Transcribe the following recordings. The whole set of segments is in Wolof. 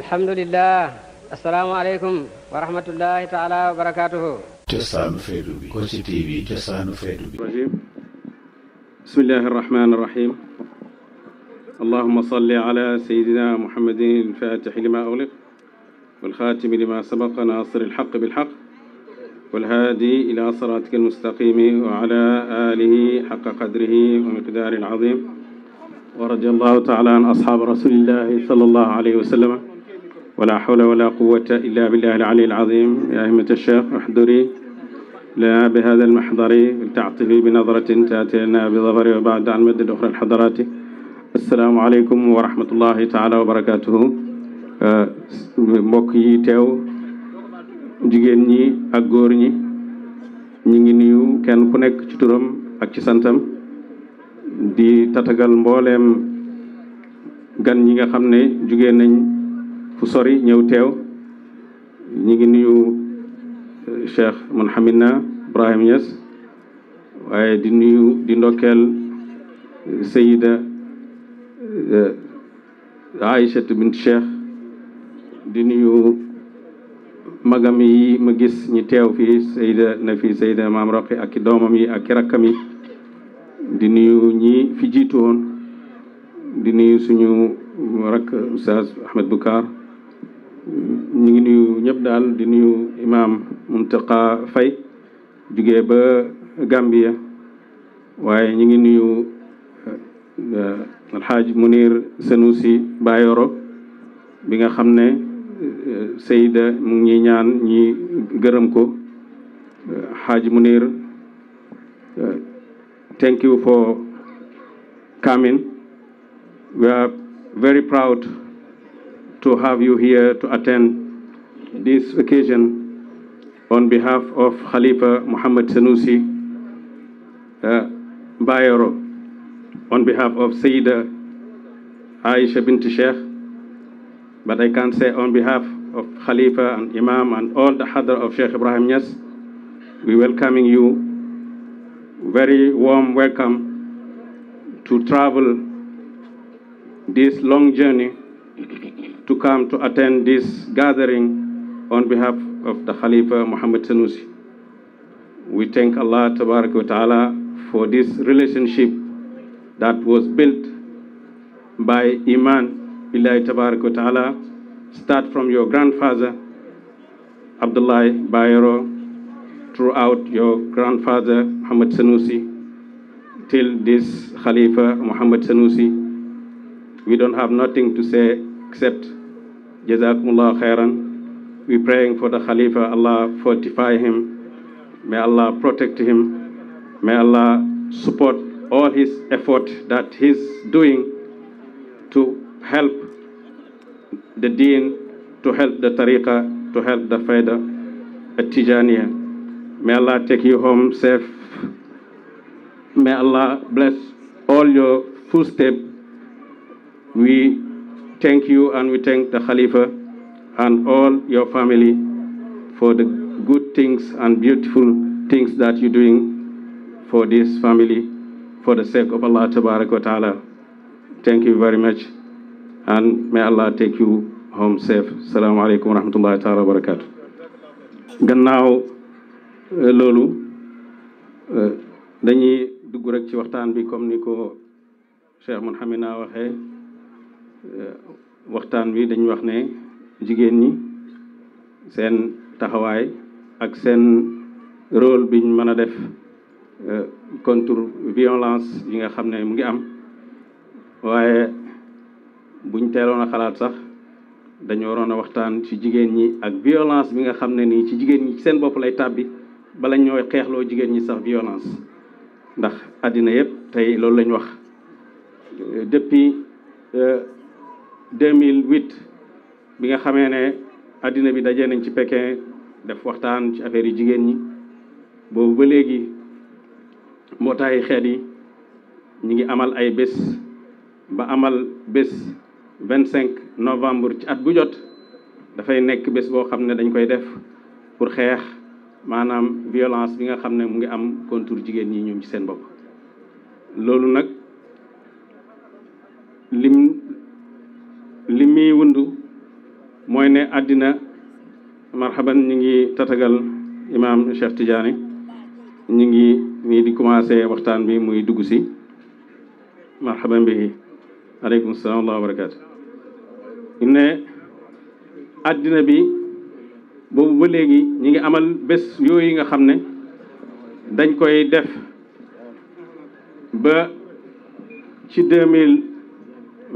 الحمد لله السلام عليكم ورحمة الله تعالى وبركاته جسان فيدوبي بسم الله الرحمن الرحيم اللهم صل على سيدنا محمد الفاتح لما أغلق والخاتم لما سبق ناصر الحق بالحق والهادي إلى صراطك المستقيم وعلى آله حق قدره ومقدار العظيم ورضي الله تعالى عن أصحاب رسول الله صلى الله عليه وسلم ولا حول ولا قوة إلا بالله العلي العظيم يا أهمة الشيخ احضري لا بهذا المحضر لتعطفي بنظرة تأتي لنا بظفر وبعد عن مدد أخرى الحضرات السلام عليكم ورحمة الله تعالى وبركاته موكي تيو جيجيني jigéen ñi كان góor ñi ñu ngi nuyu kenn ku nekk gan ñi nga xamne jugé nañ fu sori ñëw teew ñu ngi nuyu eh, Cheikh Mouhamed na Ibrahim Niass waaye di nuyu di ndokkeel eh, Sayida eh, Aïchatu bint Cheikh di nuyu magam yi ma gis ñi teew fii Sayida na fii Sayida Maam Roqi ak doomam yi ak i rakkam yi di nuyu ñi fi jiitu woon di nuyu suñu rakk Oustaz Ahmed Boucar ñu ngi nuyu ñëpp daal di nuyu imam muntaqa fay jugee ba gambia waaye ñu ngi nuyu eh, alhaaj munir senusi bayoro bi nga xam ne eh, seyda mu ngi ñaan ñi gërëm ko munir eh, thank you for coming we are very proud to have you here to attend this occasion on behalf of Khalifa Muhammad Sanusi uh, Bayero, on behalf of Sayyida Aisha bint Sheikh, but I can not say on behalf of Khalifa and Imam and all the Hadar of Sheikh Ibrahim Yes, we welcoming you, very warm welcome to travel this long journey to come to attend this gathering on behalf of the Khalifa Muhammad Sanusi. We thank Allah Ta'ala for this relationship that was built by Iman Billahi Ta'ala, start from your grandfather, Abdullah Bayero, throughout your grandfather, Muhammad Sanusi, till this Khalifa, Muhammad Sanusi. We don't have nothing to say accept. Jazakumullah khairan. We're praying for the Khalifa. Allah fortify him. May Allah protect him. May Allah support all his effort that he's doing to help the deen, to help the tariqah, to help the fayda, at Tijaniya. May Allah take you home safe. May Allah bless all your footsteps. We thank you and we thank the Khalifa and all your family for the good things and beautiful things that you're doing for this family for the sake of Allah wa ta'ala. Thank you very much and may Allah take you home safe. Assalamu alaikum wa rahmatullahi ta'ala wa barakatuh. Gannaaw uh, loolu uh, dañuy dugg rek ci waxtaan bi Euh, waxtaan wi dañu wax ne jigéen ñi seen taxawaay ak seen rôle biñ mën a def euh, contre violence yi nga xam ne mu ngi am waaye buñ teeloon a xalaat sax dañu waroon a waxtaan ci jigéen ñi ak violence bi nga xam ne nii ci jigéen ñi seen bopp lay tàbbi bala ñooy xeexloo jigéen ñi sax violence ndax àddina yëpp tey loolu lañu wax euh, depuis 2008 bi nga xamee ne àddina bi dajee nañ ci Pékin def waxtaan ci affaire yu jigéen ñi boobu ba léegi mbootaayu xeet yi ñu ngi amal ay bés ba amal bés cinq novembre ci at bu jot dafay nekk bés boo xam ne dañ koy def pour xeex maanaam violence bi nga xam ne mu ngi am contre jigéen ñi ñu ci seen bopp loolu nag lim muy wund mooy ne àddina marhaban ñu ngi tatagal imaam Cheikh Tidiane ñu ngi nii di commencé waxtaan bi muy dugg si marhaban bi aleykum salaam wa barakaatu ne àddina bi boobu ba léegi ñu ngi amal bés yooyu nga xam ne dañ koy def ba ci deux mille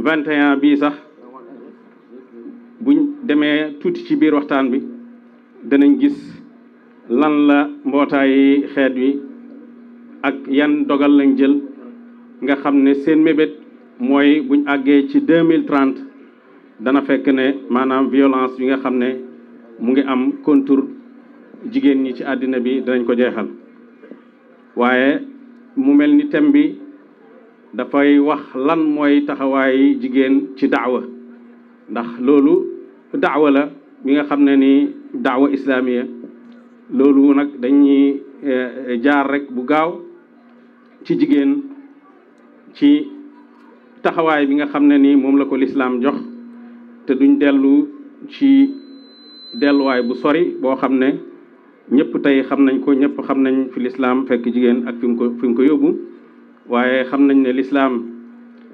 vingt et un sax buñ demee tuuti ci biir waxtaan bi danañ gis lan la mbootaay xeet wi ak yan dogal lañ jël nga xam ne seen mébét mooy buñ àggee ci deux mille dana fekk ne maanaam violence bi nga xam ne mu ngi am contour jigéen ñi ci àddina bi danañ ko jeexal waaye mu mel ni thème bi dafay wax lan mooy taxawaayi jigéen ci daawa ndax loolu daawa la bi nga xam ne ni daawa islaamiya loolu nag dañuy eh, jaar rek bu gaaw ci jigéen ci taxawaay bi nga xam ne ni moom la ko lislaam jox te duñ dellu ci delluwaay bu sori boo xam ne ñëpp tey xam nañ ko ñëpp xam nañ fi lislaam fekk jigéen ak fi mu ko fi waaye xam nañ ne lislaam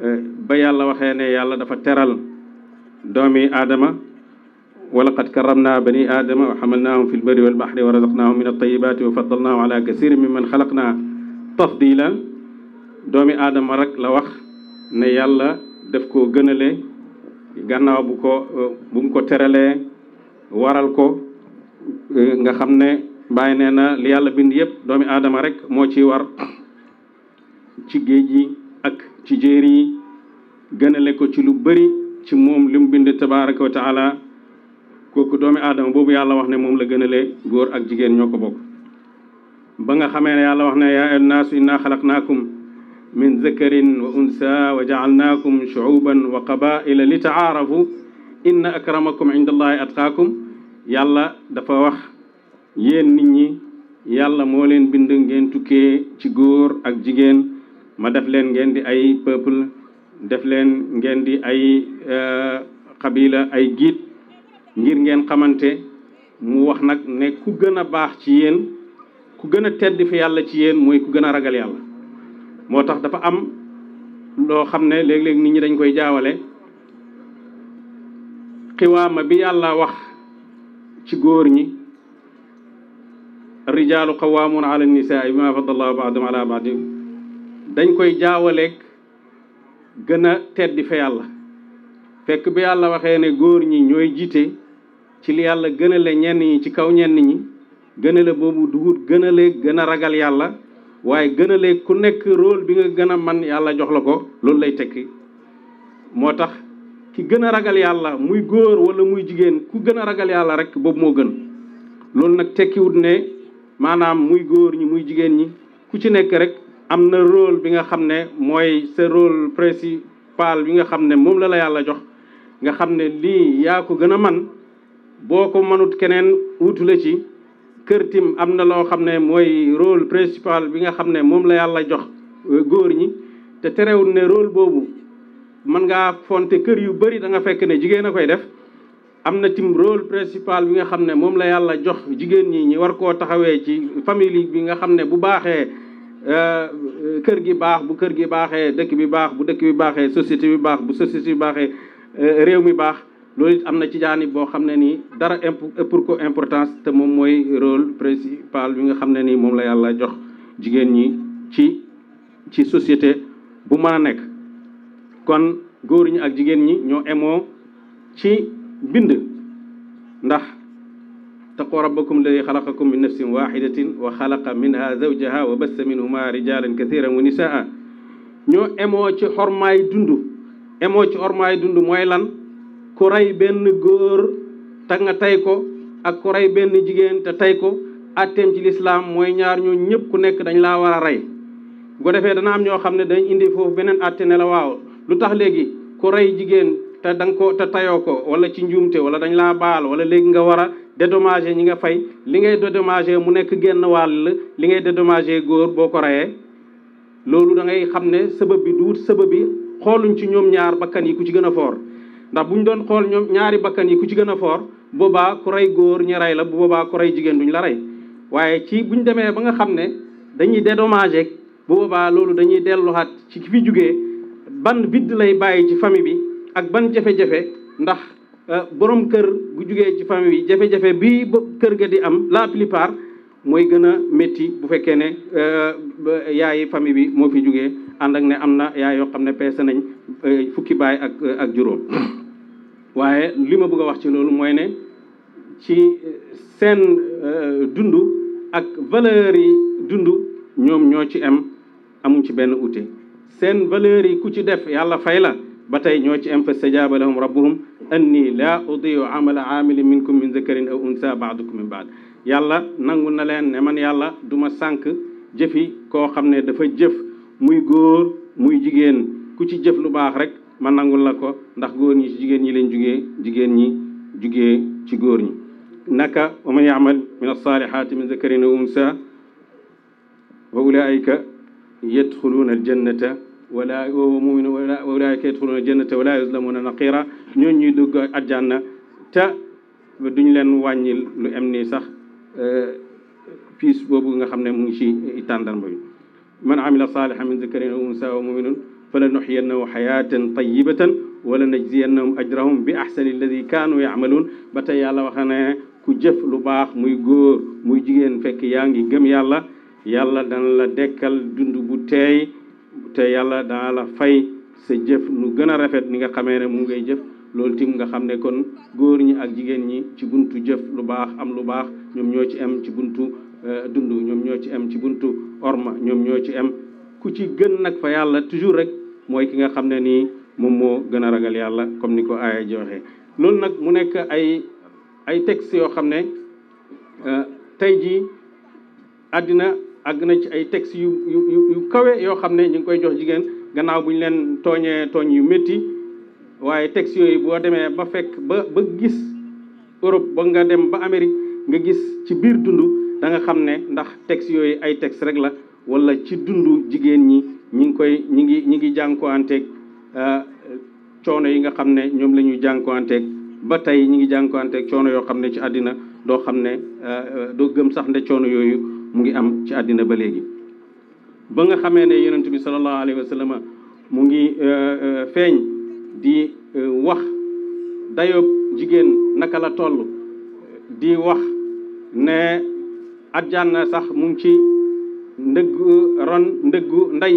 eh, ba yàlla waxee ne yàlla dafa teral دومي آدم ولقد كرمنا بني آدم وحملناهم في البر والبحر ورزقناهم من الطيبات وفضلناهم على كثير من خلقنا تفضيلا دومي آدم رك لوخ نيالا دفكو جنلي غناو بكو بومكو تيرالي waralko nga بيننا ليالا na li آدم bind موشي ور adama أك mo ci war ci geejgi ci moom li mu bind tabaraka wa kooku doomi aadama boobu yàlla wax ne moom la gënalee góor ak jigéen ñoo ko bokk ba nga xamee ne yàlla wax ne yaa ayyuhan naasu inna xalaqnaakum min zakarin wa unsa wa jaalnaakum shuuban wa qabaila li taarafu inna akramakum inda allahi atqaakum yàlla dafa wax yéen nit ñi yàlla moo leen bind ngeen tukkee ci góor ak jigéen ma def leen ngeen di ay peuple def leen ngeen di ay euh, xabila ay giit ngir ngeen xamante mu wax nag ne ku gën a baax ci yéen ku gën a tedd fi yàlla ci yéen mooy ku gën a ragal yàlla moo tax dafa am loo xam ne léeg-léeg nit ñi dañ koy jaawale xiwaama bi yàlla wax ci góor ñi rijaalu qawaamuun ala nisaa bi ma faddala allahu baadum ala baadi dañ koy jaawaleeg gën a teddi fa yàlla fekk bi yàlla waxee ne góor ñi ñooy jiite ci li yàlla gën a le ñenn ñi ci kaw ñenn ñi gën a le boobu dugut gën a le gën a ragal yàlla waaye gën a le ku nekk rôle bi nga gën a man yàlla jox la ko loolu lay tekki moo tax ki gën a ragal yàlla muy góor wala muy jigéen ku gën a ragal yàlla rek boobu moo gën loolu nag tekkiwut ne maanaam muy góor ñi muy jigéen ñi ku ci nekk rek am na rôle bi nga xam ne mooy sa rôle principal bi nga xam ne moom la la yàlla jox nga xam ne lii yaa ko gën a man boo ko mënut keneen wutu la ci kër tim am na loo xam ne mooy rôle principal bi nga xam ne moom la yàlla jox euh, góor ñi te terewul ne rôle boobu mën ngaa fonte kër yu bari da nga fekk ne jigéen a koy def am na tim rôle principal bi nga xam ne moom la yàlla jox jigéen ñi ñi war koo taxawee ci famille bi nga xam ne bu baaxee kër gi baax bu kër gi baaxee dëkk bi baax bu dëkk bi baaxee société bi baax bu société bi baaxee euh, réew mi baax loolu am na ci jaani boo xam ne nii dara imp pour que importance te moom mooy rôle principal bi nga xam ne nii moom la yàlla jox jigéen ñi ci ci société bu mën a nekk. kon góor ñi ak jigéen ñi ñoo emoo ci bind ndax. اتقوا ربكم الذي خلقكم من نفس واحدة وخلق منها زوجها وبث منهما رجالا كثيرا ونساء ñoo emoo ci xormaay dund emoo ci xormaay dund mooy lan ku rey benn góor te nga tey ko ak ku rey benn jigéen te tey ko atteem ci lislaam mooy ñaar ñoo ñëpp ku nekk dañ laa war a rey bu ko defee dana am ñoo xam ne dañ indi foofu beneen atte la waaw lu tax léegi ku rey jigéen te da ko te tayoo ko wala ci njuumte wala dañ laa baal wala léegi nga war a ñi nga fay li ngay dédommagé mu nekk genn wàll li ngay dédommagé góor boo ko reyee loolu da ngay xam ne sabab bi duut sabab bi xooluñ ci ñoom ñaar bakkan yi ku ci gën a foor ndax buñ doon xool ñoom ñaari bakkan yi ku ci gën a foor boobaa ku rey góor ñu rey la bu boobaa ku rey jigéen duñ la rey waaye ci buñ demee ba nga xam ne dañuy dédommagé bu boobaa loolu dañuy delluwaat ci fi jugee ban vide lay bàyyi ci famille bi ak ban jafe-jafe ndax euh, borom kër gu jugee ci famille yi jafe-jafe bii kër ga di am la plupart mooy gën a métti bu fekkee ne euh, yaayi famille bi moo fi jugee ànd ak ne am na yaa yoo xam ne peese nañ euh, fukki baay ak ak juróom waaye li ma bëgg wax ci loolu mooy ne ci seen dund ak valeur yi dund ñoom ñoo ci am amuñ ci benn ute seen valeur yi ku ci def yàlla fay la ba tey ñoo ci am fa stajaaba lahum rabbuhum anni laa udiyu amala aamilin minkum min zakarin aw unsa baadukum min baad yàlla nangu na leen ne man yàlla du ma sànk jëfi koo xam ne dafa jëf muy góor muy jigéen ku ci jëf lu baax rek ma nangul la ko ndax góor ñi ci jigéen ñi leen jugee jigéen ñi jugee ci góor ñi naka wa man yaamal min alsalihaati min zakarin aw unsa wa ulaayika yadxuluuna aljannata ولا مؤمن ولا ولا يدخلون الجنه ولا يظلمون نقيرا ني ني دوغ الجنه تا دوني لن واني لو امني صح ا فيس بوبو nga xamne mu ngi ci itandar mbay man amila صالحا من ذكر او انثى او مؤمن فلنحيينه حياه طيبه ولنجزينهم اجرهم باحسن الذي كانوا يعملون بتا يالا واخنا ku jëf lu baax muy góor muy jigéen fekk yaa ngi gëm yàlla yàlla dan te yàlla dana la fay sa jëf nu gën a rafet ni nga xamee ne mu ngay jëf loolu tim nga xam ne kon góor ñi ak jigéen ñi ci buntu jëf lu baax am lu baax ñoom ñoo ci am ci buntu euh, dund ñoom ñoo ci am ci buntu orma ñoom ñoo ci am ku ci gën nag fa yàlla toujours rek mooy ki nga xam ne nii moom moo gën a ragal yàlla comme ni ko aaya ji waxee nag mu nekk ay ay textes yoo xam ne euh, tey jii àddina àgg na ci ay textes yu yu yu yu kawe yoo xam ne ñu ngi koy jox jigéen gannaaw bu ñu leen tooñee tooñ yu métti waaye textes yooyu boo demee ba fekk ba ba gis Europe ba nga dem ba Amérique nga gis ci biir dund danga xam ne ndax textes yooyu ay textes rek la wala ci dund jigéen ñi ñi ngi koy ñi ngi ñi ngi jànkuwanteeg euh, coono yi nga xam ne ñoom la ñuy jànkuwanteeg ba tey ñi ngi jànkuwanteeg coono yoo xam ne ci àddina doo xam ne euh, euh, doo gëm sax nde coono yooyu mu ngi am ci àddina ba léegi ba nga xamee ne yonent bi sallallahu alayhi wa sallam mu ngi euh, euh, feeñ di euh, wax dayoob jigéen naka la toll di wax ne na sax mu ci ndëggu ron ndëggu ndey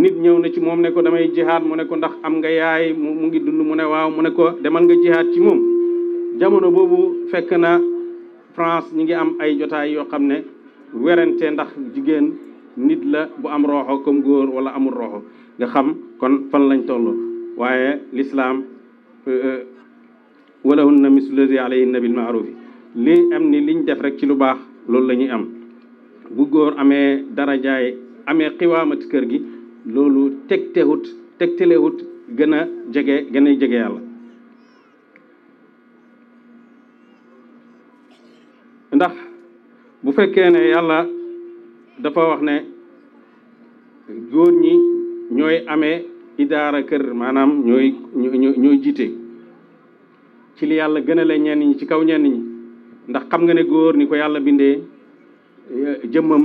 nit ñëw na ci moom ne ko damay jihaad mu ne ko ndax am nga yaay mu ngi dund mu ne waaw mu ne ko demal nga jihaad ci moom jamono boobu fekk na France ñi ngi am ay jotaay yoo xam ne werante ndax jigéen nit la bu am rooxo comme góor wala amul rooxo nga xam kon fan lañ toll waaye lislaam euh, walahunna mislu lazi alayhinna bil maarufi li am ni liñ def rek ci lu baax loolu la ñuy am bu góor amee darajaay amee xiwaamati kër gi loolu tegtewut tegtelewut gën a jege gën jege yàlla ndax bu fekkee ne yàlla dafa wax ne góor ñi ñooy amee idaara kër maanaam ñooy ñooy jiite ci li yàlla gënale ñenn ñi ci kaw ñenn ñi ndax xam nga ne góor ni ko yàlla bindee eh, jëmmam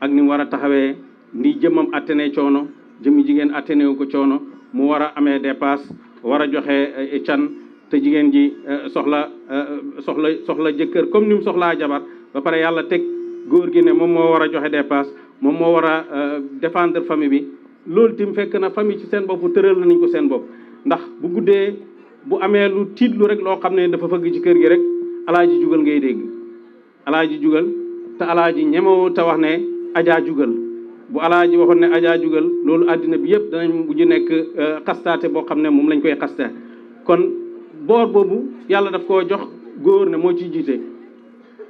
ak ni mu war a taxawee ni jëmmam attene coono jëmmi jigéen attene wu ko coono mu war a amee dépasse war a joxe eh, can te jigéen ji eh, soxla soxla soxla jëkkër comme ni mu soxlaa jabar ba pare yàlla teg góor gi ne moom moo war a joxe dépasse moom moo war a euh, défendre famille bi loolu tim fekk na famille ci seen bopp tëral na nañ ko seen bopp ndax bu guddee bu amee lu tiitlu rek loo xam ne dafa fëgg ci kër gi rek alaaji jugal ngay dégg alaaji jugal te alaaji ñemewu te wax ne ajaa jugal bu alaaji waxoon ne ajaa jugal loolu àddina bi yëpp danañ bu ñu nekk euh, xastaate boo xam ne moom lañ koy xaste kon boor boobu yàlla daf koo jox góor ne moo ciy jiite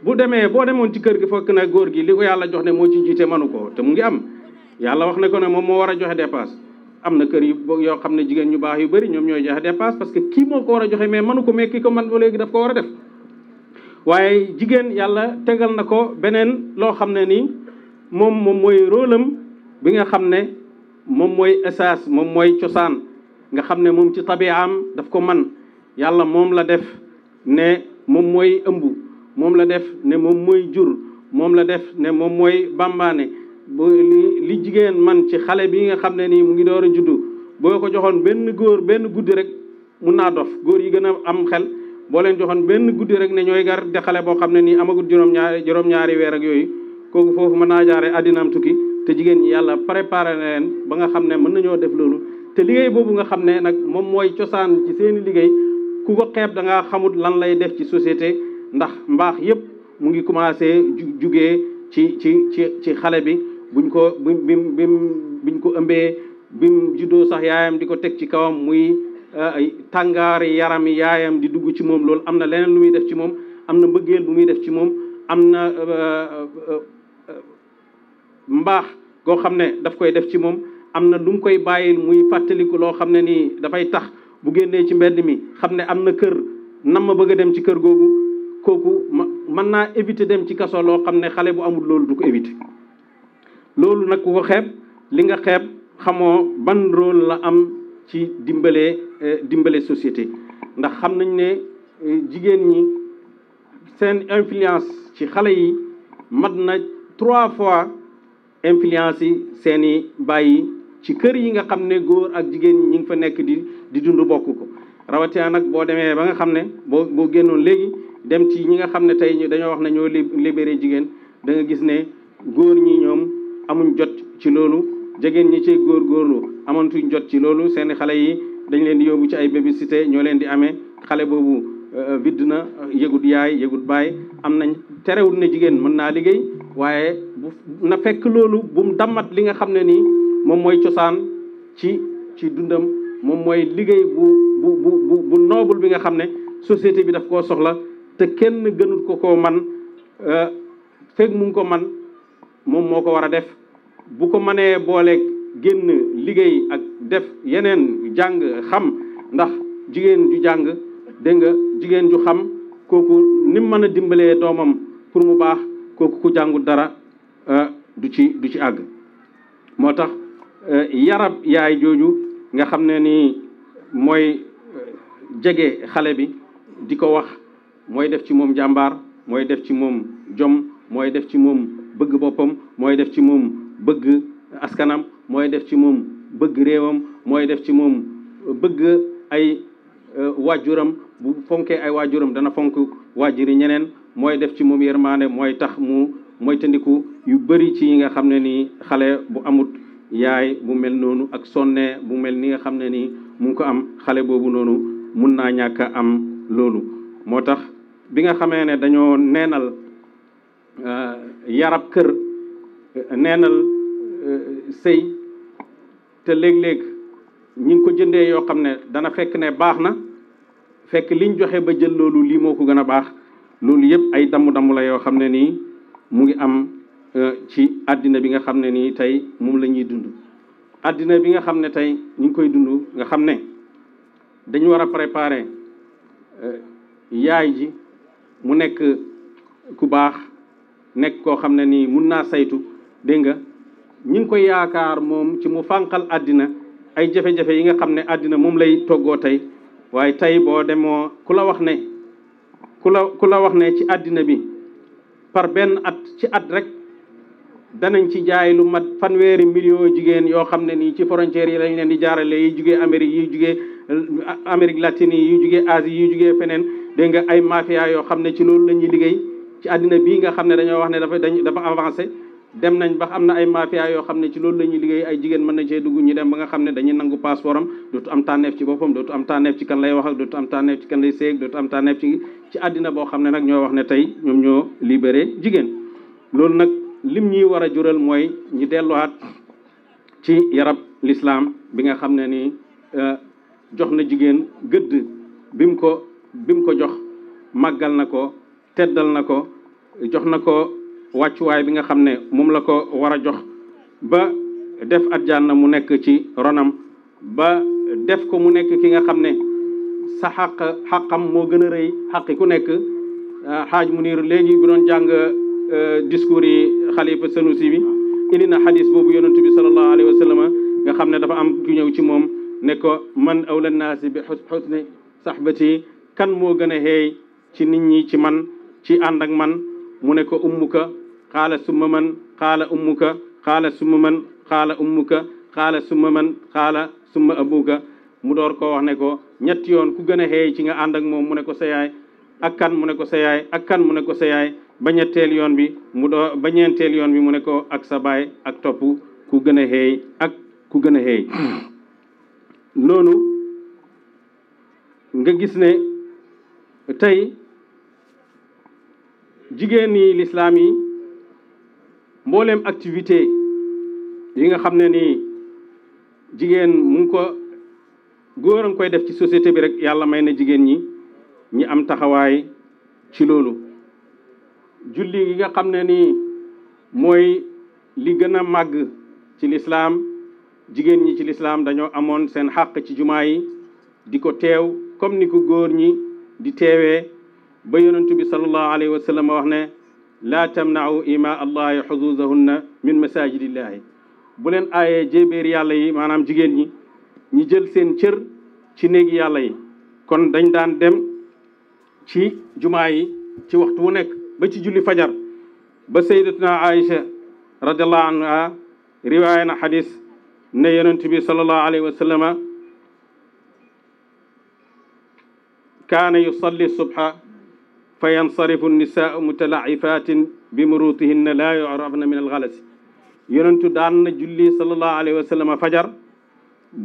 bu demee boo demoon ci kër gi fokk na góor gi li ko yàlla jox ne moo ci jiite manu ko te mu ngi am yàlla wax ne ko ne moom moo war a joxe dépasse am na kër yu yoo xam ne jigéen ñu baax yu bëri ñoom ñooy joxe dépasse parce que kii moo ko war a joxe mais manu ko mais kii ko man ba léegi daf ko war a def waaye jigéen yàlla tegal na ko beneen loo xam ne nii moom moom mooy rôle bi nga xam ne moom mooy essence moom mooy cosaan nga xam ne moom ci tabiaam daf ko man yàlla moom la def ne moom mooy ëmb moom la def ne moom mooy jur moom la def ne moom mooy bambaane bu li jigéen man ci xale bi nga xam ne nii mu ngi door a juddu boo ko joxoon benn góor benn guddi rek mun naa dof góor yi gën a am xel boo leen joxoon benn guddi rek ne ñooy gar de xale boo xam ne nii amagut juróom juróom-ñaari weer ak yooyu kooku foofu mën naa jaare àddinaam tukki te jigéen ñi yàlla préparé leen ba nga xam ne mën nañoo def loolu te liggéey boobu nga xam ne nag moom mooy cosaan ci seeni liggéey ku ko xeeb da ngaa xamut lan lay def ci société ndax mbaax yëpp mu ngi commencé jugee ci ci ci ci xale bi buñ ko bi bim bim biñ ko ëmbee bim juddoo sax yaayam di ko teg ci kawam muy euh, tàngaari yaram yaayam di dugg ci moom loolu am na leneen lu muy def ci moom am na mbëggeel bu muy def ci moom am na euh, euh, mbaax goo xam ne daf koy def ci moom am na lu koy bàyyil muy fàttaliku loo xam ne nii dafay tax bu génnee ci mbedd mi xam ne am na kër nam ma bëgg dem ci kër googu kooku mën naa éviter dem ci kaso loo xam ne xale bu amul loolu du ko éviter loolu nag ku ko xeeb li nga xeeb xamoo ban rôle la am ci dimbale euh, dimbale société ndax xam nañ ne euh, jigéen ñi seen influence ci xale yi mat na trois fois influence yi seen i bàyyi ci kër yi nga xam ne góor ak jigéen ñi ngi fa nekk di di dund bokk ko rawatina nag boo demee ba nga xam ne boo génnoon léegi dem ci ñi nga xam ne tey ñu dañoo wax ne ñoo libéré jigéen danga gis ne góor ñi ñoom amuñ jot ci loolu jigéen ñi ci góor góorlu amantuñ jot ci loolu seen xale yi dañ leen di yóbbu ci ay babysitter ñoo leen di amee xale boobu vidd euh, na yëgut yaay yëgut baay am nañ terewul na jigéen mën naa liggéey waaye na fekk loolu bu mu dammat li nga xam ne nii moom mooy cosaan ci ci dundam moom mooy liggéey bu bu bu bu bi nga xam ne société bi daf koo soxla te kenn gënul ko ko man euh, fekk mu ko man moom moo ko war a def bu ko mënee booleeg génn liggéey ak def yeneen jàng xam ndax jigéen ju jàng dégg nga jigéen ju xam kooku nim mu mën a dimbalee doomam pour mu baax kooku ku jàngul dara euh, du ci du ci àgg moo tax euh, yarab yaay jooju nga xam ne nii mooy jege xale bi di ko wax mooy def ci moom jàmbaar mooy def ci moom jom mooy def ci moom bëgg boppam mooy def ci moom bëgg askanam mooy def ci moom bëgg réewam mooy def ci moom euh, bëgg ay euh, waajuram bu fonkee ay waajuram dana fonk waajuri ñeneen mooy def ci moom yërmaande mooy tax mu mooy tandiku yu bëri ci yi nga xam ne ni xale bu amut yaay bu mel noonu ak sonne bu mel ni nga xam ne ni mu ko am xale boobu noonu mun naa ñàkk a am loolu moo tax bi nga xamee ne dañoo neenal euh, yarab kër neenal euh, sëy te léeg-léeg ñi ngi ko jëndee yoo xam ne dana fekk ne baax na fekk liñ joxe ba jël loolu lii moo ko gën a baax loolu yëpp ay damm-damm la yoo xam ne nii mu ngi am euh, ci àddina bi nga xam ne nii tey moom lañuy dund àddina bi nga xam ne tey ñu ngi koy dund nga xam ne dañu war a préparer yaay ji mu nekk ku baax nekk koo xam ne nii mun naa saytu dégg nga ñi ngi koy yaakaar moom ci mu fànqal àddina ay jafe-jafe yi nga xam ne àddina moom lay toggoo tey waaye tey boo demoo ku la wax ne ku la ku la wax ne ci àddina bi par benn at ci at rek danañ ci jaay lu mat fanweeri million jigéen yoo xam ne nii ci frontières yi lañ leen di jaarale yi jugee Amérique yi jugee amerique latine yi jugee Asie yi jugee feneen dégg nga ay mafia yoo xam ne ci loolu la ñuy liggéey ci àddina bii nga xam ne dañoo wax ne dafa dañ dafa avancé dem nañ ba am na ay mafia yoo xam ne ci loolu la ñuy liggéey ay jigéen mën nañ cee dugg ñu dem ba nga xam ne dañuy nangu passeport am dootu am tànneef ci boppam dootu am tànneef ci kan lay wax ak dootu am tànneef ci kan lay séeg dootu am tànneef ci àddina boo xam ne nag ñoo wax ne tey ñoom ñoo libéré jigéen loolu nag lim ñuy war a jural mooy ñi delluwaat ci yarab lislaam bi nga xam ne ni euh, jox na jigéen gëdd ko bi ko jox màggal na ko teddal na ko jox na ko wàccuwaay bi nga xam ne moom la ko war a jox ba def àjjana mu nekk ci ronam ba def ko mu nekk ki nga xam ne sa xàq xàqam moo gën a rëy xàqi ku nekk xaaj euh, mu niir léegi bi doon jàng euh, discours yi xalifa sanusi bi indi na xadis boobu yonent bi sallallahu alayhi wa nga xam ne dafa am ku ñëw ci moom ne ko man awla naasi bi xusni saxbati kan moo gën a xeey ci nit ñi ci man ci ànd ak man mu ne ko ummuka xaala summa man xaala ummuka xaala suma man xaala ummuka xaala summa man xaala summa abuka mu door ko wax ne ko ñetti yoon ku gën a xeey ci nga ànd ak moom mu ne ko sa yaay ak kan mu ne ko sa yaay ba ñetteel yoon bi mu door ba ñeenteel yoon bi mu ne ko ak sa baay ak topp ku gën a xeey ak ku gën a xeey noonu nga gis ne tey jigéen ñi lislaam yi mbooleem activité yi nga xam ne ni jigéen mu ngi ko góor a ngi koy def ci société bi rek yàlla may na jigéen ñi ñi am taxawaay ci loolu julli yi nga xam ne ni mooy li gën a màgg ci lislaam jigéen ñi ci lislaam dañoo amoon seen xàq ci jumaa yi di ko teew comme ni ko góor ñi di téwé ba yonentou bi sallallahu alayhi wa sallam wax ne tamnau ima allahi xuzuzahunna min masajidillahi bu len ayé jéebéer yàlla yi manam jigen ñi ñi jël seen cër ci néegi yàlla yi kon dañ daan dem ci jumaa yi ci waxtu wu nekk ba ci julli fajar ba sayyidatuna aisha radiallahu anha riwaaya na ne yonentou bi sallallahu alayhi wa sallam كان يصلي الصبح فينصرف النساء متلعفات بمروتهن لا يعرفن من الغلس يونت دان جولي صلى الله عليه وسلم فجر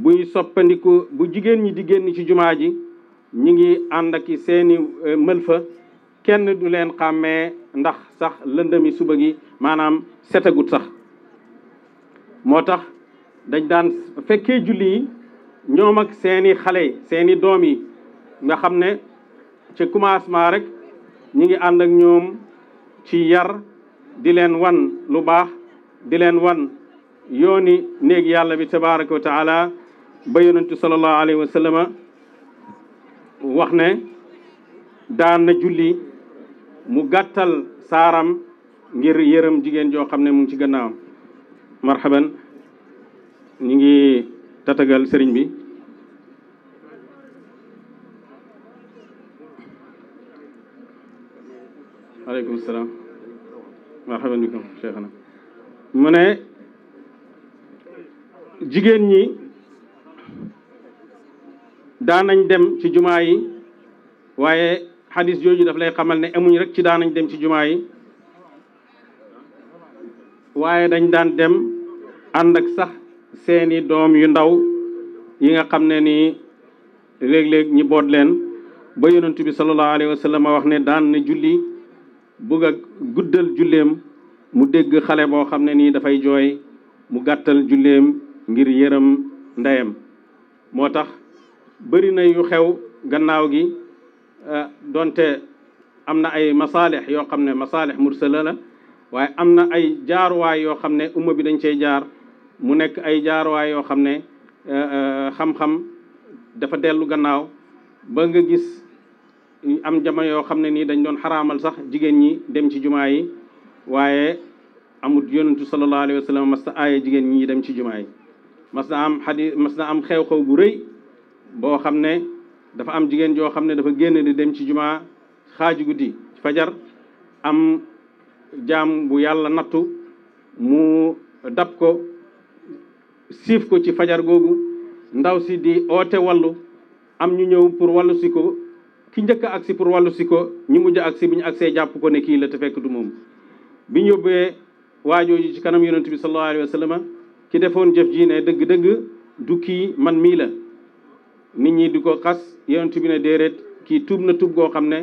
بوي سوبانديكو بو جيجين ني ديغين ني سي جمعه نيغي اندكي سيني آه، ملفا كين دولين خامي ندخ صح لندمي صبغي مانام ستاغوت صح موتاخ داج دان فكي جولي نيوم سيني خالي سيني دومي nga xam ne ci commencement rek ñi ngi ànd ak ñoom ci yar di leen wan lu baax di leen wan yooni néeg yàlla bi tabaraka wa taala ba yonentu sallallahu alayhi wa sallama wax ne daan na julli mu gàttal saaram ngir yërëm jigéen joo xam ne mu ci gannaawam marhaban ñi ngi tatagal sëriñ bi aleykum salaam marhaban bikum mu ne jigéen ñi daanañ dem ci jumaa yi waaye xadis jooju daf lay xamal ne amuñ rek ci daanañ dem ci jumaa yi waaye dañ daan dem ànd ak sax seeni doom yu ndaw yi nga xam ne nii léeg-léeg ñi boot leen ba yonentu bi sallallahu alayhi wa sallam wax ne daan na julli bugg a guddal julleem mu dégg xale boo xam ne nii dafay jooy mu gàttal julleem ngir yërëm ndeyam moo tax bëri na yu xew gannaaw gi euh, donte am na ay masaalix yoo xam ne masaalix mursala waaye am na ay jaaruwaay yoo xam ne uma bi dañ cey jaar mu nekk ay jaaruwaay yoo xam ne euh, euh, xam-xam dafa dellu gannaaw ba nga gis am jamono yoo xam ne nii dañ doon xaraamal sax jigéen ñi dem ci jumaa yi waaye amul yonentu sallallahu alayhi wa sallam mas na aaye jigéen ñi dem ci jumaa yi mas am mas na am xew-xew gu rëy boo xam ne dafa am jigéen joo xam ne dafa génn di dem ci jumaa xaaju guddi fajar am jaam bu yàlla nattu mu dab ko siif ko ci fajar googu ndaw si di oote wallu am ñu ñëw pour wallu si ko ki njëkk a agsi pour wàllu si ko ñi mujj agsi bi ñu agsee jàpp ko ne kii la te fekk du moom bi ñu yóbbee waajooju ci kanam yonent bi sallallahu alayhi wa sallam ki defoon jëf ji ne dëgg-dëgg du kii man mii la nit ñi di ko xas yonent bi ne déeréet kii tuub na tub goo xam ne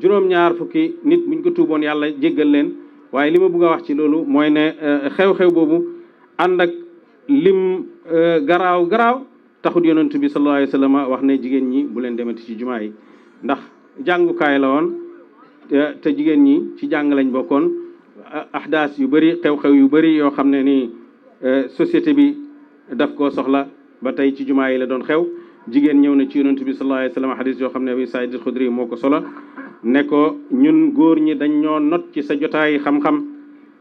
juróom-ñaar fukki nit buñ ko tuuboon yàlla jéggal leen waaye li ma bëgg a wax ci loolu mooy ne euh, xew-xew boobu ànd ak lim euh, garaaw garaaw taxut yonent bi sallallahu a wa sallam wax ne jigéen ñi bu leen demati ci jumaa yi ndax jàngukaay la woon te jigéen ñi ci jàng lañ bokkoon ahdaas yu bëri xew-xew yu bëri yoo xam ne nii e, société bi daf koo soxla ba tey ci jumaa yi la doon xew jigéen ñëw na ci yonent bi sallallahu alayhi wa sallam yoo xam ne bi Saïd Xudri moo ko solo ne ko ñun góor ñi dañ ñoo not ci sa jotaay xam-xam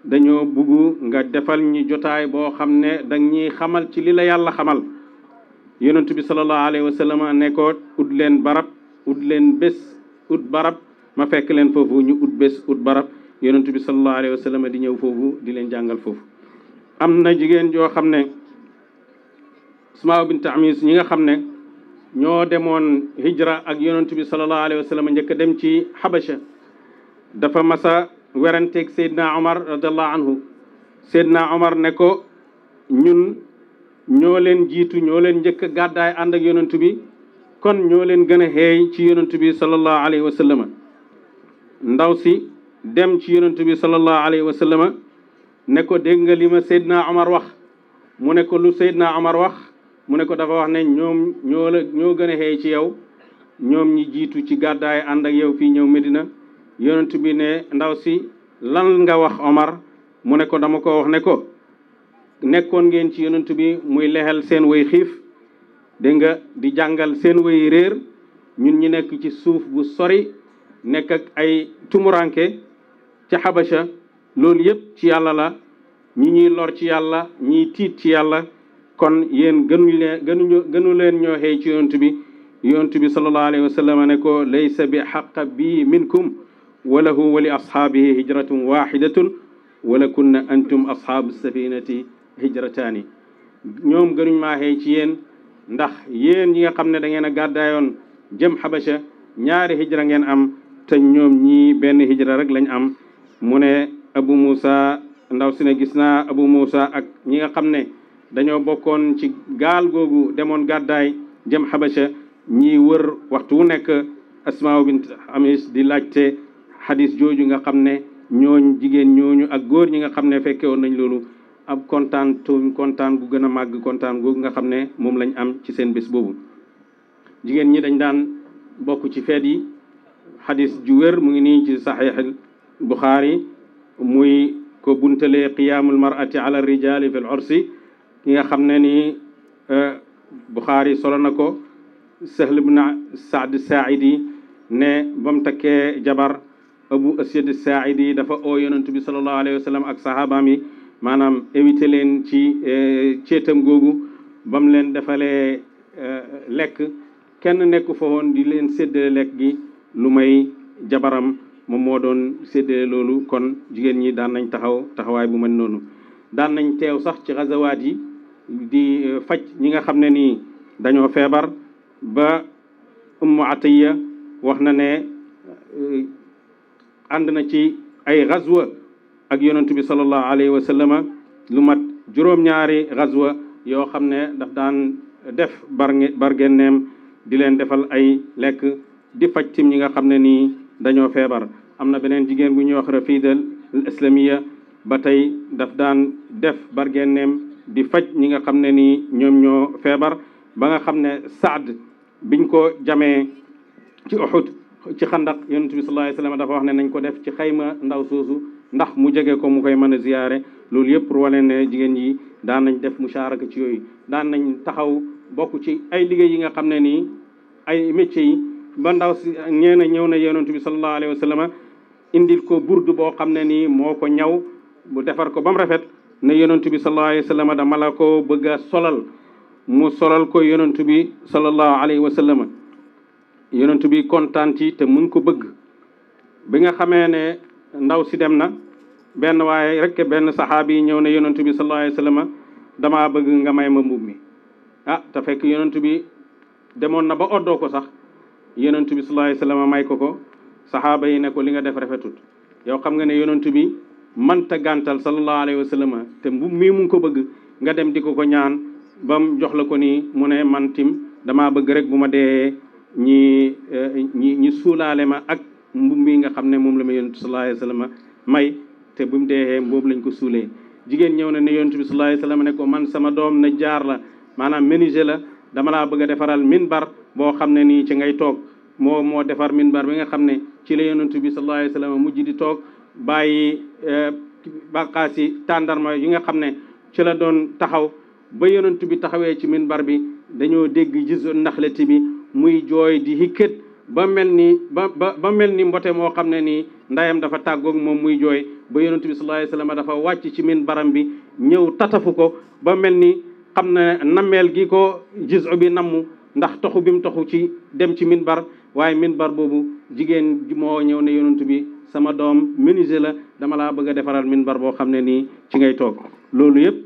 dañoo bugg nga defal ñi jotaay boo xam ne dañ ñuy xamal ci li la yàlla xamal yonent bi sallallahu ut leen barab ut leen bés ut barab ma fekk leen foofu ñu ut bés ut barab yonent bi sallallahu alayhi wa di ñëw foofu di leen jàngal foofu am na jigéen joo xam ne Asmaa bint Umays ñi nga xam ne ñoo demoon hijra ak yonent bi sallallahu alayhi wa sallam njëkk dem ci Xabasha dafa masa weranteeg Seydina Omar radiallahu anhu Seydina Omar ne ko ñun ñoo leen jiitu ñoo leen njëkk gàddaay ànd ak yonent kon ñoo leen gën a xeey ci yonent bi sallallahu alayhi wa sallama ndaw si dem ci yonent bi sallallahu alayhi wa sallama ne ko dégg nga li ma naa Omar wax mu ne ko lu naa Omar wax mu ne ko dafa wax ne ñoom ñoo ñoo gën a xeey ci yow ñoom ñi jiitu ci gàddaay ànd ak yow fii ñëw Medina yonent bi ne ndaw si lan nga wax mu ne ko dama ko wax ne ko nekkoon ngeen ci yonent bi muy lexel seen way xiif dégg nga di jàngal seen wayu réer ñun ñu nekk ci suuf bu sori nekk ak ay tumuraanke ca xabasha loolu yëpp ci yàlla la ñu ñuy lor ci yàlla ñiy tiit ci yàlla kon yéen gënu leen gënuñu ñoo xëy ci yonent bi yonent bi sallallahu alayhi wa sallam ne ko laysa bi xaqa bi minkum walahu wa li ashaabihi hijratun wahidatun wala kunna antum ashaabu safinati hijrataani ñoom gënuñ maa xëy ci yéen ndax yéen ñi nga xam ne da ngeen a gàddaayoon jëm xabasha ñaari hijra ngeen am te ñoom ñii benn hijra rek lañ am mu ne abu moussa ndaw si ne gis naa abu moussa ak ñi nga xam ne dañoo bokkoon ci gaal googu demoon gàddaay jëm xabasha ñii wër waxtu wu nekk asmaaw bint amis di laajte xadis jooju nga xam ne ñooñ jigéen ñooñu ak góor ñi nga xam ne fekke woon nañ loolu ab kontaan tuum kontaan gu gën a màgg kontaan googu nga xam ne moom lañ am ci seen bés boobu jigéen ñi dañ daan bokk ci feet yi xadis ju wér mu ngi nii ci saxiix buxaari muy ko buntalee qiyaamul mar'ati ala rijaali fil ursi ki nga xam ne nii e, buxaari solo na ko sahl ibna saad saaidi ne ba mu takkee jabar abu asyad saaidi dafa oo yonent bi sallallahu alayhi wa sallam ak sahabaam yi maanaam éviter leen ci euh, ceetam googu bam leen defalee euh, lekk kenn nekk fa woon di leen séddale lekk gi lu may jabaram moom moo doon séddale loolu kon jigéen ñi daan nañ taxaw taxawaay bu mel noonu daan nañ teew sax ci xazawaat yi di euh, faj ñi nga xam ne nii dañoo feebar ba ummu atiya wax na ne ànd na ci ay xazwa ak yonent bi sallallahu alayhi wa sallam lu mat jurom naari ghazwa yo xamne daf daan def bargenem di len defal ay lek di fajj tim ñi nga xamne ni nii dañoo feebar am na beneen bu ñu wax rafidal al islamiya ba daf daan def bargenem di fajj ñi nga xamne ni ñom ñoo febar ba nga xamne saad biñ ko jame ci uhud ci xandak yunus bi sallallahu alayhi wasallam dafa wax ne nañ ko def ci xeyma ndaw suusu ndax mu jege ko mu koy mën a ziyaare loolu yëpp pour wane ne jigéen yi daan nañ def musharaka ci yooyu daan nañ taxaw bokk ci ay liggéey yi nga xam ne nii ay métiers yi ba ndaw si ñee na ñëw na yonent bi sallallahu alayhi wa sallam indil ko burdu boo xam ne nii moo ko ñaw bu defar ko ba mu rafet ne yonent bi sallallahu alayhi wa sallam dama la bëgg a solal mu solal ko yonent bi sallallahu alayhi wa sallam yonent bi kontaan ci te mun ko bëgg bi nga xamee ne ndaw si dem na benn waaye rek benn saxaabi yi ñëw na yonentu bi sallallahu alayhi wa damaa bëgg nga may ma mbubb mi ah te fekk yonentu bi demoon na ba oddoo ko sax yonentu bi sallallahu alayhi may ko ko saxaaba yi ne ko li nga def rafetut yow xam nga ne yonentu bi mënta gàntal sallallahu alayhi wa sallam te mbubb mi mu ngi ko bëgg nga dem di ko ko ñaan ba mu jox la ko nii mu ne man tim damaa bëgg rek bu ma dee ñi eh, ñi ñi suulaale ma ak mbub mi nga xam ne moom la ma yonent sallallahu alayhi wa may te bu mu deexee boobu lañ ko suulee jigéen ñëw na ne yonent bi sallallahu alayhi ne ko man sama doom na jaar la maanaam menuisier la dama laa bëgg a defaral bar boo xam ne nii ci ngay toog moo moo defar minbar bi nga xam ne ci la yonent bi sallallahu alayhi wa sallam mujj di toog bàyyi eh, bàqaas yi tàndarma yi nga xam ne ci la doon taxaw ba yonent bi taxawee ci bar bi dañoo dégg gis naxleti bi muy jooy di hikkat ba mel ni ba ba ba mel ni mbote moo xam ne nii ndayam dafa tàggoog moom muy jooy ba yonent bi sallallahu alayhi wasallam dafa wàcc ci min baram bi ñëw tatafu ko ba mel ni xam ne nammeel gi ko gis bi nammu ndax taxu bi mu toxu ci dem ci min bar waaye min bar boobu jigéen moo ñëw ne yonent bi sama doom menuisier la dama laa bëgg a defaral min bar boo xam ne nii ci ngay toog loolu yëpp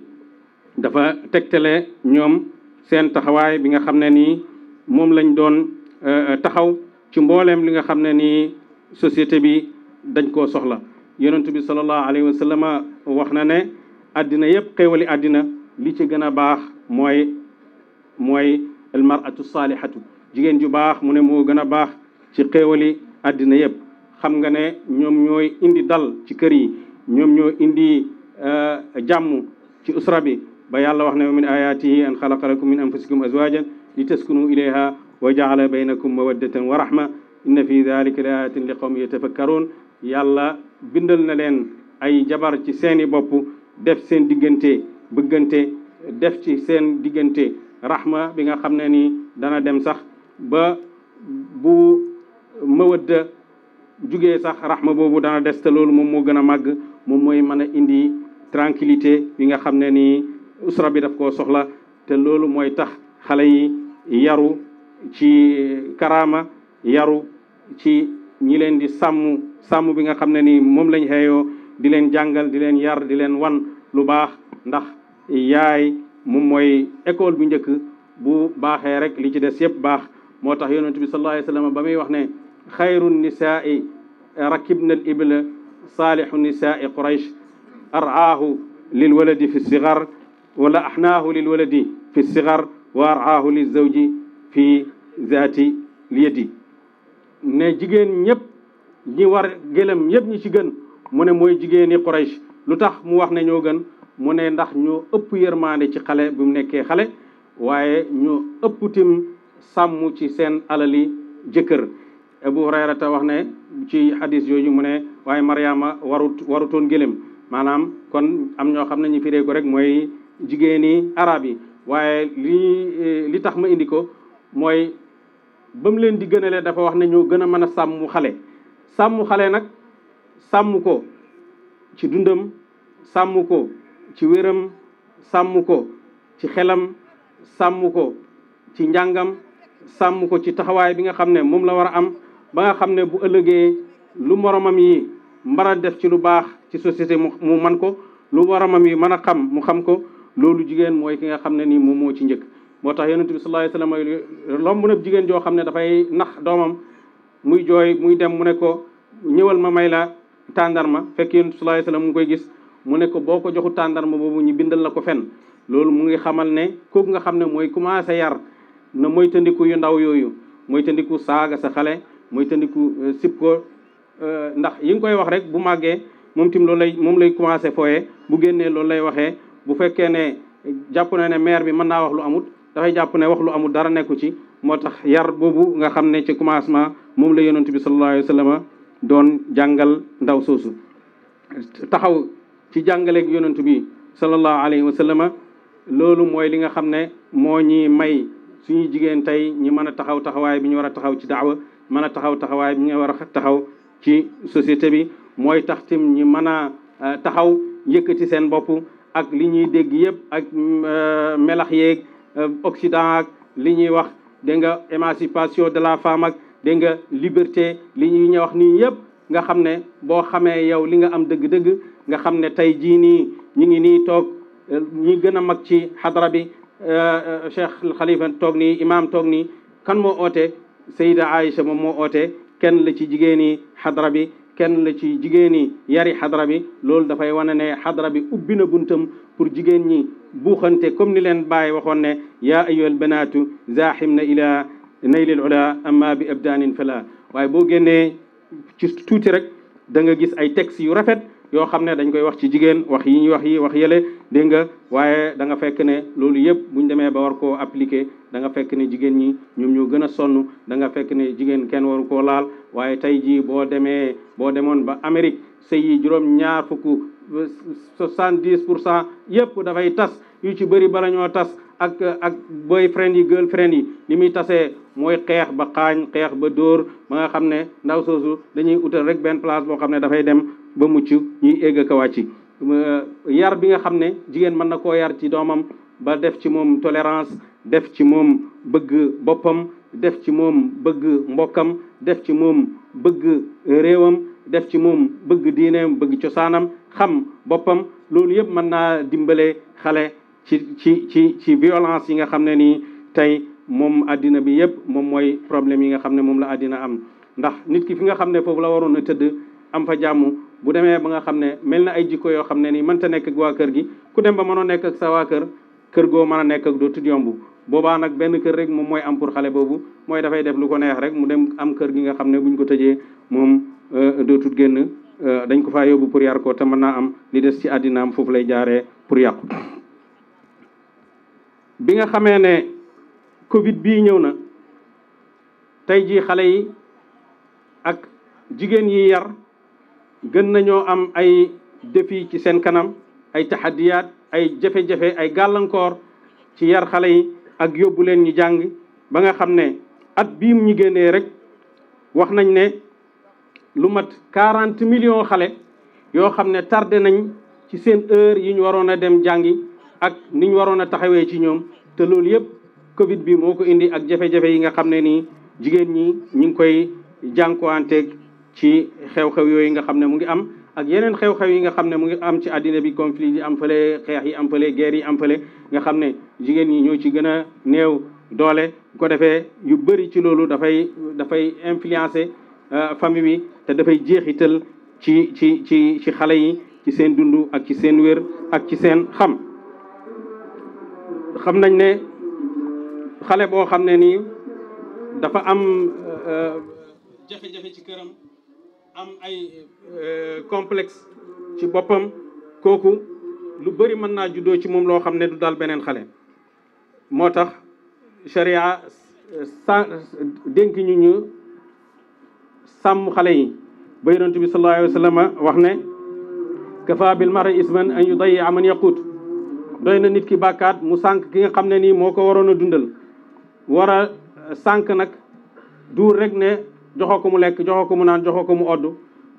dafa tegtale ñoom seen taxawaay bi nga xam ne nii moom lañ doon euh, euh, taxaw ci mbollem li nga xamne ni société bi dañ ko soxla yaronte bi sallallahu alayhi wa sallam wax ne adina yeb xewali adina li ci gëna bax moy moy al mar'atu salihatu jigen ju bax mu ne moo gën ci xewali adina yeb xam nga ne ñom ñoy indi dal ci kër yi ñom ñoy indi jàmm ci usra bi ba yàlla wax ne min ayaatihi an xalaqa lakum min anfusikum azwajan litaskunu ilayha وجعل بينكم مودة ورحمة إن في ذلك لآيات لقوم يتفكرون yàlla bindal na leen ay jabar ci seeni bopp def seen diggante bëggante def ci seen diggante rahma bi nga xam ne ni dana dem sax ba bu mawadda jugee sax rahma boobu dana des te loolu moom moo gën a màgg moom mooy mën a indi tranquillité bi nga xam ne ni usra bi daf koo soxla te loolu mooy tax xale yi yaru ci karaama yaru ci ñi leen di sàmm sàmm bi nga xam ne ni moom lañ xeeyoo di leen jàngal di leen yar di leen wan lu baax ndax yaay moom mooy école bu njëkk bu baaxee rek li ci des yëpp baax moo tax yonent bi sallallahu alayhi ba muy wax ne xayru nisaai rakibna al ibla saalihu nisaai quraysh araahu lil waladi fi sigar wala ahnaahu lil waladi fi sigar wa araahu lil zawji fi zaati liyadi ne jigéen ñëpp ñi war gëlëm ñëpp ñi ci gën mu ne mooy jigéeni Quraysh lu tax mu wax ne ñoo gën mu ne ndax ñoo ëpp yërmaande ci xale bu mu nekkee xale waaye ñoo ëpp tim sàmm ci seen alali jëkkër Abu Hurayrata wax ne ci hadis yooyu mu ne waaye Mariama warut warutoon gëlëm maanaam kon am ñoo xam ne ñu firee ko rek mooy jigéeni arab yi li tax ma indi ko mooy ba mu leen di gënalee dafa wax ne ñoo gën a mën a sàmm xale sàmm xale nag sàmm ko ci dundam sàmm ko ci wéram sàmm ko ci xelam sàmm ko ci njàngam sàmm ko ci taxawaay bi nga xam ne moom la war a am ba nga xam ne bu ëllëgee lu moromam yi mën def ci lu baax ci société mu mu man ko lu moromam yi mën a xam mu xam ko loolu jigéen mooy ki nga xam ne nii moom moo ci njëkk moo tax yonent bi sallallahu alayhi wasallam lomb na jigéen joo xam ne dafay nax doomam muy jooy muy dem mu ne ko ñëwal ma may la tàndarma fekk yonent bi sallallahu alayhi wasallam mu koy gis mu ne ko boo ko joxu tàndarma boobu ñu bindal la ko fen loolu mu ngi xamal ne kooku nga xam ne mooy commencé yar na moytandiku yu ndaw yooyu moytandiku saaga sa xale moytandiku euh, sib ko euh, ndax yi nga koy wax rek bu màggee moom tim loolu lay moom lay commencé fooyee bu génnee loolu lay waxee bu fekkee ne jàpp na ne maire bi mën naa wax lu amut dafay jàpp ne wax lu amul dara nekku ci moo tax yar boobu nga xam ne ci commencement moom la yonent bi sallallahu alayhi doon jàngal ndaw soosu taxaw ci jàngaleeg yonent bi sallallahu alayhi wa sallam loolu mooy li nga xam ne moo ñi may suñu jigéen tey ñi mën a taxaw taxawaay bi ñu war a taxaw ci daawa mën a taxaw taxawaay bi ñu war a taxaw ci société bi mooy tax tim ñi mën a eh, taxaw yëkkati seen bopp ak li ñuy dégg yëpp ak eh, melax yeeg Euh, Occident li ñuy wax dégg nga émancipation de la femme mag dégg nga liberté li ñuy wax nii yëpp nga xam ne boo xamee yow li nga am dëgg-dëgg nga xam ne tey jii nii ñi ngi nii toog euh, ñi gën a mag ci xadara bi euh, cheikh xalifa toog nii imam toog nii kan moo oote sayida aïcha moom moo oote kenn la ci jigéen ñi xadara bi kenn la ci jigéen ñi yari xadra bi loolu dafay wane ne xadra bi ubbi na buntam pour jigéen ñi buuxante comme ni leen bàyyi waxoon ne yaa ayyuhal banaatu zaaxim na ila naylil ula amma bi abdaanin fala waaye boo génnee ci tuuti rek da nga gis ay textes yu rafet yoo xam ne dañ koy wax ci jigéen wax yi ñuy wax yi wax yële dégg nga waaye da nga fekk ne loolu yëpp bu ñu demee ba war koo appliquer danga fekk ne jigéen ñi ñoom ñoo gën a sonn danga fekk ne jigéen kenn waru koo laal waaye tey jii boo demee boo demoon ba Amérique sëy yi juróom ñaar fukk soixante-dix pour cent yëpp dafay tas yu ci bëri bala ñoo tas ak ak boyfriend yi girlfriend yi ni muy tasee mooy xeex ba xaañ xeex ba dóor ba nga xam ne ndaw soosu dañuy utal rek benn place boo xam ne dafay dem ba mucc ñuy égg ka wàcci yar bi nga xam ne jigéen mën na koo yar ci doomam ba def ci moom tolérance def ci moom bëgg boppam def ci moom bëgg mbokkam def ci moom bëgg réewam def ci mom bëgg diiné bëgg ham xam bopam loolu yëpp mën na dimbale xalé ci ci ci ci violence yi nga xamné ni tay mom adina bi yëpp mom moy problème yi nga xamné mom la adina am ndax nit ki fi nga xamné fofu la waroon am fa jamu bu démé ba nga xamné melna ay jikko yo xamné ni nii ta nek ak wa kër gi ku dem ba mëno nek ak sa wa kër kër go mëna nek ak do tud yombu boba nak benn kër rek mom moy am pour bobu moy da fay def lu ko neex rek mu dem am kër gi nga xamné buñ ko mom Euh, dootul génn euh, dañ ko faa yóbbu pour yar ko te mën naa am li des ci àddinaam foofu lay jaaree pour yàqu bi nga xamee ne covid bii ñëw na tey jii xale yi ak jigéen yi yar gën nañoo am ay défi ci seen kanam ay taxadiyaat ay jafe-jafe ay gàllankoor ci yar xale yi ak yóbbu leen ñu jàng ba nga xam ne at bii ñu génnee rek wax nañ ne lu mat quarante millions xale yoo xam ne tardé nañ ci seen heure yi ñu waroon a dem jàngi ak ni ñu waroon a taxawee ci ñoom te loolu yëpp Covid bi moo ko indi ak jafe-jafe yi nga xam ne nii jigéen ñi ñu ngi koy jànkuwanteeg ci xew-xew yooyu nga xam ne mu ngi am ak yeneen xew yi nga xam ne mu ngi am ci àddina bi conflit yi am fële xeex yi am nga xam ne jigéen ñi ñoo ci gën a néew doole bu ko defee yu bëri ci loolu dafay dafay influencer Euh, famille bi te dafay jeexital ci ci ci ci xale yi ci seen dund ak ci seen wér ak ci seen xam xam nañ ne xale boo xam ne nii dafa am euh, jafe ci këram am ay euh, complexe ci boppam kooku lu bari mën naa juddoo ci moom loo xam ne du daal beneen xale moo tax sharia sa dénk ñu sàmm xale yi ba yonent bi sallallahu alayhi wa sallam wax ne kafa bil mari isman an yudayya man yaqut doy na nit ki bàkkaat mu sànq ki nga xam ne nii moo ko waroon a dundal wara a sànq nag duur rek ne joxoo ko mu lekk joxoo ko mu naan joxoo ko mu odd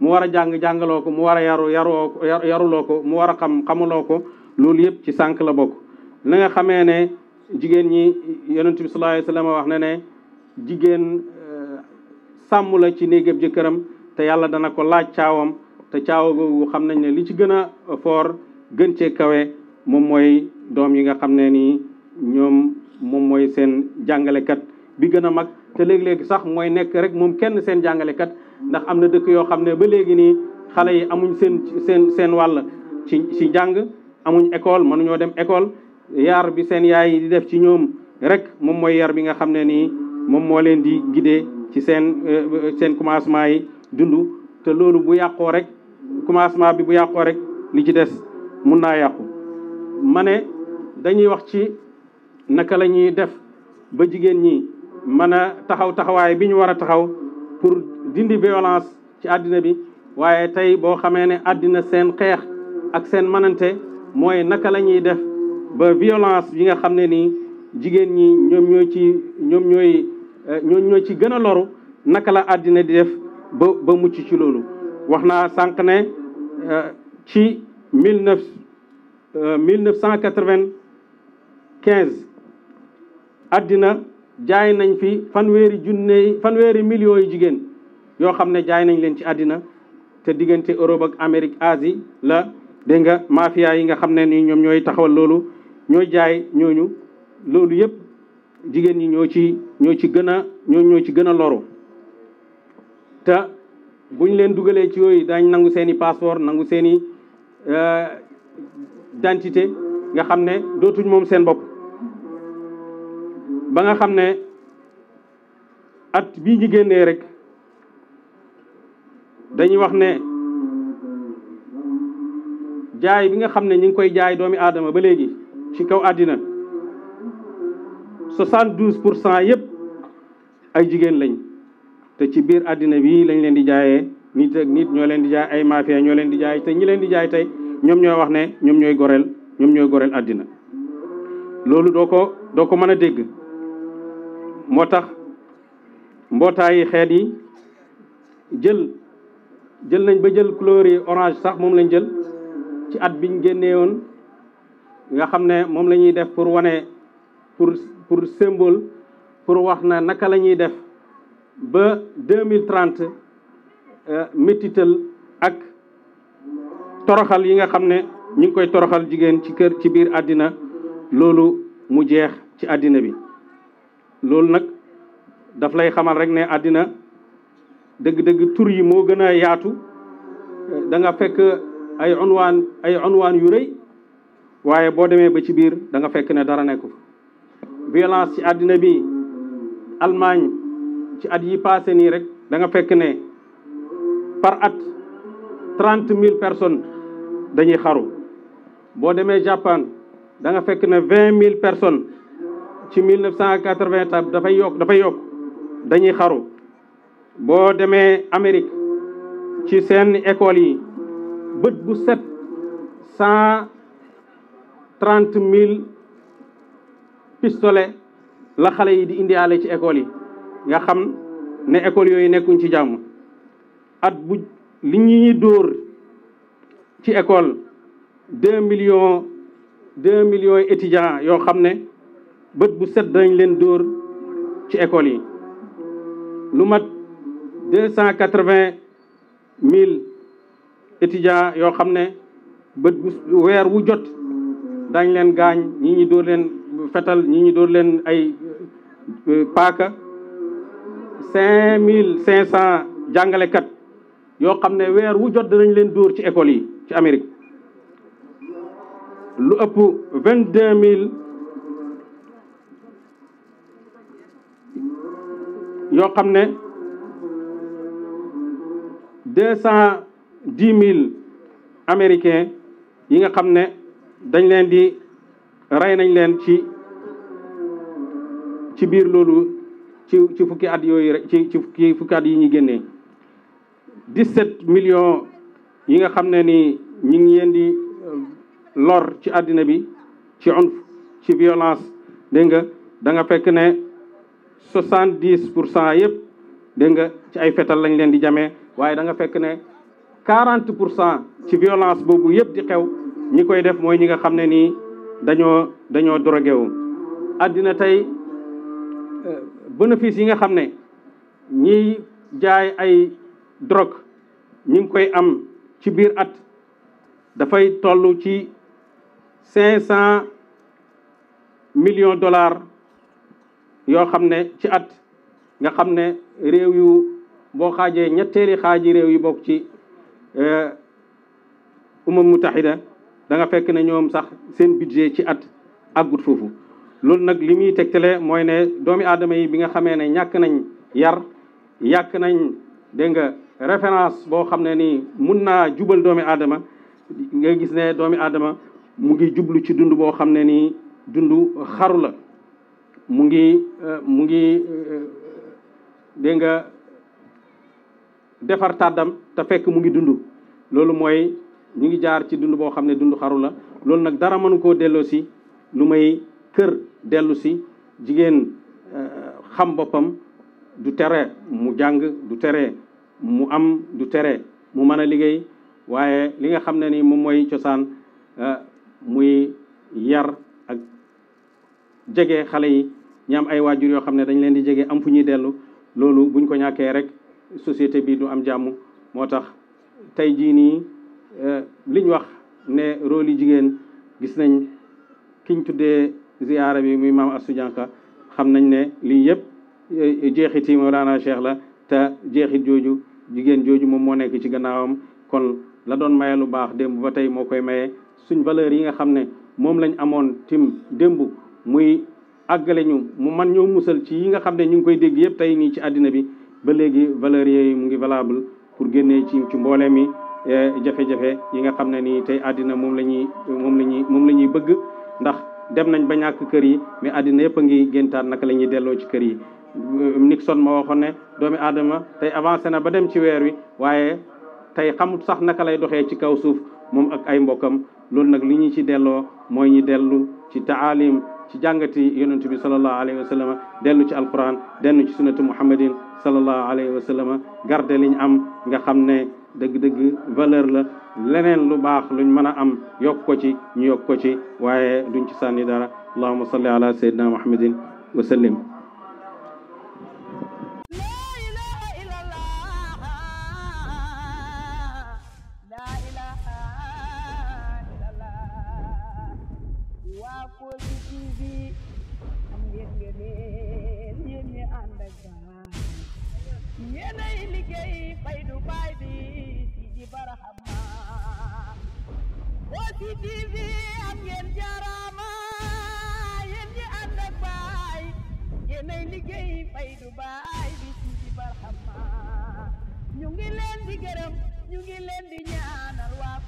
mu war a jàng jàngaloo ko mu war a yaru yaroo yaruloo ko mu war a xam xamuloo ko loolu yëpp ci sànq la bokk na xamee ne jigéen ñi yonent bi sallallahu wax ne ne jigéen sàmm la ci néegam jëkkëram te yàlla dana ko laaj caawam te caawa googu xam nañ ne li ci gën a foor gën cee kawe moom mooy doom yi nga xam ne nii ñoom moom mooy seen jàngalekat bi gën a mag te léegi-léegi sax mooy nekk rek moom kenn seen jàngalekat ndax am na dëkk yoo xam ne ba léegi nii xale yi amuñ seen seen seen wàll ci ci jàng amuñ école mënuñoo dem école yar bi seen yaay di def ci ñoom rek moom mooy yar bi nga xam ne nii moom moo leen di gidee ci seen euh, seen commencement yi dundu te loolu bu yàqoo rek commencement bi bu yàqoo rek li ci des mun naa yàqu ma ne dañuy wax ci naka la ñuy def ba jigéen ñi mën a taxaw taxawaay bi ñu war a taxaw pour dindi violence ci àddina bi waaye tey boo xamee ne àddina seen xeex ak seen manante mooy naka la def ba violence yi nga xam ne nii jigéen ñi ñoom ñooy Euh, ñooñ ñoo ci gën a loru naka la àddina di def ba ba mucc ci loolu wax naa sànq ne euh, ci mille neuf euh, mille neuf cent quinze àddina jaay nañ fi fanweeri junne fanweeri millions jigéen yoo xam ne jaay nañ leen ci àddina te diggante Europe ak Amérique Asie la dégg nga mafia yi nga xam ne ni ñoom ñooy taxawal loolu ñooy jaay ñooñu loolu yëpp jigéen ñi ñoo ci ñoo ci gën a ñoo ñoo ci gën a loru te buñ leen dugalee ci yooyu daañ nangu seen i passeport nangu seeni i euh, identité nga xam ne dootuñ moom seen bopp ba nga xam ne at bi ñu génnee rek dañuy wax ne jaay bi nga xam ne ñu ngi koy jaay doomi aadama ba léegi ci kaw àddina 72 pour cent yëpp ay jigéen lañ te ci biir àddina bi lañ leen di jaayee nit ak nit ñoo leen di jaay ay mafia ñoo leen di te ñi leen di jaay tey ñoom ñooy wax ne ñoom ñooy goreel ñoom ñooy goreel àddina loolu doo ko doo ko mën a dégg moo tax mbootaayi xeet yi jël jël nañ ba jël couleur yi orange sax moom lañ jël ci at biñ génnee nga xam ne moom lañuy def pour wane pour pour symbole pour wax na naka la ñuy def ba deux mille trente euh, ak toroxal yi nga xam ne ñu ngi koy toroxal jigéen ci kër ci biir àddina loolu mu jeex ci àddina bi loolu nag daf lay xamal rek ne àddina dëgg-dëgg tur yi moo gën a yaatu euh, da nga fekk ay unwaan ay unwaan yu rëy waaye boo demee ba ci biir da nga fekk ne dara nekku violence ci aduna bi allemagne ci at yi passé ni rek da nga fekk né par at 30000 personnes dañuy xaru bo démé japan da nga fekk né 20000 personnes ci 1980 da fay yok da fay yok dañuy xaru bo démé amérique ci sen école yi beut bu set 130000 pistolet la xale yi di indi aale ci école yi nga xam ne école yooyu nekkuñ ci jàmm at bu li ñuy dóor ci école deux millions deux millions étudiants yoo xam ne bët bu set dañ leen dóor ci école yi lu mat deux cent quatre-vingt mille étudiants yoo xam ne bët bu weer wu jot dañ leen gaañ ñi ñi leen fetal ñi ñu dóor leen ay euh, paaka cinq mille cinq cent jàngalekat yoo xam ne weer wu jot dinañ leen dóor ci école yi ci Amérique lu ëpp vingt deux mille yoo xam ne deux cent dix mille américains yi nga xam ne dañ leen di rey nañ leen ci ci biir loolu ci ci fukki at yooyu rek ci ci fukki at yi ñu génnee 17 million yi nga xam ne ni ñu ngi leen di euh, lor ci àddina bi ci unf ci violence dégg nga da nga fekk ne 70 pour cent yëpp dégg nga ci ay fetal lañ leen di jamee waaye da nga fekk ne quarante pour cent ci violence boobu yëpp di xew ñi koy def mooy ñi nga xam ne nii. dañoo dañoo drogué wu àddina tey euh, bénéfice yi nga xam ne ñiy jaay ay drogue ñi ngi koy am ci biir at dafay toll ci cinq cent millions dollars yoo xam ne ci at nga xam ne réew yu boo xaajee ñetteeli xaaji réew yi bokk ci euh, umam mutahida da nga fekk ne ñoom sax seen budget ci at àggut foofu loolu nag li muy tegtale mooy ne doomi aadama yi bi nga xamee ne ñàkk nañ yar yàkk nañ dégg nga référence boo xam ne ni mun naa jubal doomi aadama nga gis ne doomi adama mu ngi jublu ci dund boo xam ne nii dund xarula mu ngi euh, mu ngi euh, dégg nga defar tàddam te fekk mu ngi dund loolu mooy ñu ngi jaar ci dund boo xam ne dund xaru la loolu nag dara mënu koo delloo si lu may kër dellu si jigéen euh, xam boppam du tere mu jàng du tere mu am du tere mu mën a liggéey waaye li nga xam ne ni moom mooy cosaan euh, muy yar ak jege xale yi ñi ay waajur yoo xam ne dañ leen di jege am fu ñuy dellu loolu buñ ko ñàkkee rek société bi du am jàmm moo tax tey jii nii Euh, liñ wax ne rôle yi jigéen gis nañ kiñ tuddee ziyaara bi muy maam Astou Diankha xam nañ ne lii yëpp euh, jeexit yi Mawlana Cheikh la te jeexit jooju jigéen jooju moom moo nekk ci gannaawam kon la doon maye lu baax démb ba tey moo koy maye suñ valeur yi nga xam ne moom lañ amoon tim démb muy àggale ñu mu man ñoo musal ci yi nga xam ne ñu ngi koy dégg yëpp tey nii ci àddina bi ba léegi valeur yooyu mu ngi valable pour génnee ci ci mboolem mi Eh, jafe-jafe yi nga xam ne nii tey àddina moom la ñuy moom la ñuy moom la ñuy bëgg ndax dem nañ ba ñàkk kër yi mais addina yëpp a ngi géntaat naka la ñuy delloo ci kër yi euh, Nixon ma waxoon ne doomi aadama tey avancé na ba dem ci weer wi waaye tey xamut sax naka lay doxee ci kaw suuf moom ak ay mbokkam loolu nag li ñu ci delloo mooy ñu dellu ci taalim ci jàngati yonent bi salallahu alayhi wa sallama dellu ci alquran dellu ci sunnatu muhammadin salallahu alayhi wa sallama garde liñ am nga xam ne dëgg-dëgg valeur la leneen lu baax luñ mën a am yokk ko ci ñu yokk ko ci waaye duñ ci sànni dara allahuma salli ala sayyidina muhammadin wa sallim yéenay liggéey fay du baay bi Sidi Barhama Kossy TV am ngeen jaaraama yéen ñi ànd ak baay yéenay liggéey fay du baay bi Sidi Barhama ñu ngi leen di gërëm ñu ngi leen di ñaanal waa